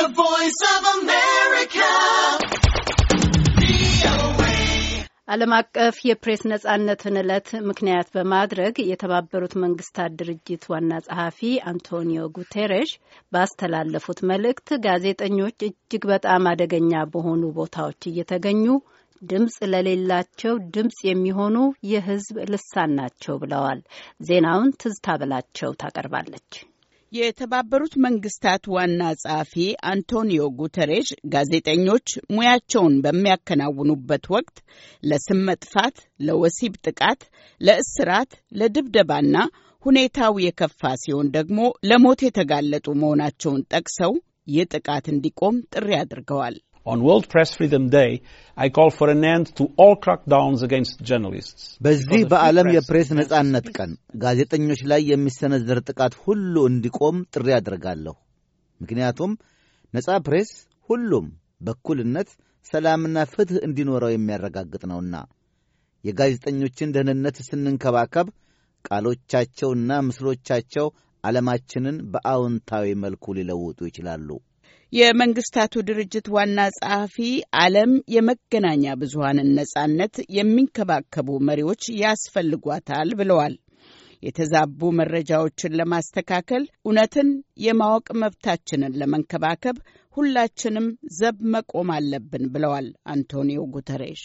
The Voice of America. ዓለም አቀፍ የፕሬስ ነጻነትን ዕለት ምክንያት በማድረግ የተባበሩት መንግስታት ድርጅት ዋና ጸሐፊ አንቶኒዮ ጉቴሬሽ ባስተላለፉት መልእክት ጋዜጠኞች እጅግ በጣም አደገኛ በሆኑ ቦታዎች እየተገኙ ድምፅ ለሌላቸው ድምፅ የሚሆኑ የሕዝብ ልሳን ናቸው ብለዋል። ዜናውን ትዝታ ብላቸው ታቀርባለች። የተባበሩት መንግስታት ዋና ጸሐፊ አንቶኒዮ ጉተሬሽ ጋዜጠኞች ሙያቸውን በሚያከናውኑበት ወቅት ለስም መጥፋት፣ ለወሲብ ጥቃት፣ ለእስራት፣ ለድብደባና ሁኔታው የከፋ ሲሆን ደግሞ ለሞት የተጋለጡ መሆናቸውን ጠቅሰው ይህ ጥቃት እንዲቆም ጥሪ አድርገዋል። on World Press Freedom Day, I call for an end to all crackdowns against journalists. በዚህ በዓለም የፕሬስ ነጻነት ቀን ጋዜጠኞች ላይ የሚሰነዘር ጥቃት ሁሉ እንዲቆም ጥሪ አደርጋለሁ። ምክንያቱም ነጻ ፕሬስ ሁሉም በኩልነት ሰላምና ፍትሕ እንዲኖረው የሚያረጋግጥ ነውና የጋዜጠኞችን ደህንነት ስንንከባከብ ቃሎቻቸውና ምስሎቻቸው ዓለማችንን በአዎንታዊ መልኩ ሊለውጡ ይችላሉ። የመንግስታቱ ድርጅት ዋና ጸሐፊ ዓለም የመገናኛ ብዙሀንን ነጻነት የሚንከባከቡ መሪዎች ያስፈልጓታል ብለዋል። የተዛቡ መረጃዎችን ለማስተካከል እውነትን የማወቅ መብታችንን ለመንከባከብ ሁላችንም ዘብ መቆም አለብን ብለዋል አንቶኒዮ ጉተሬሽ።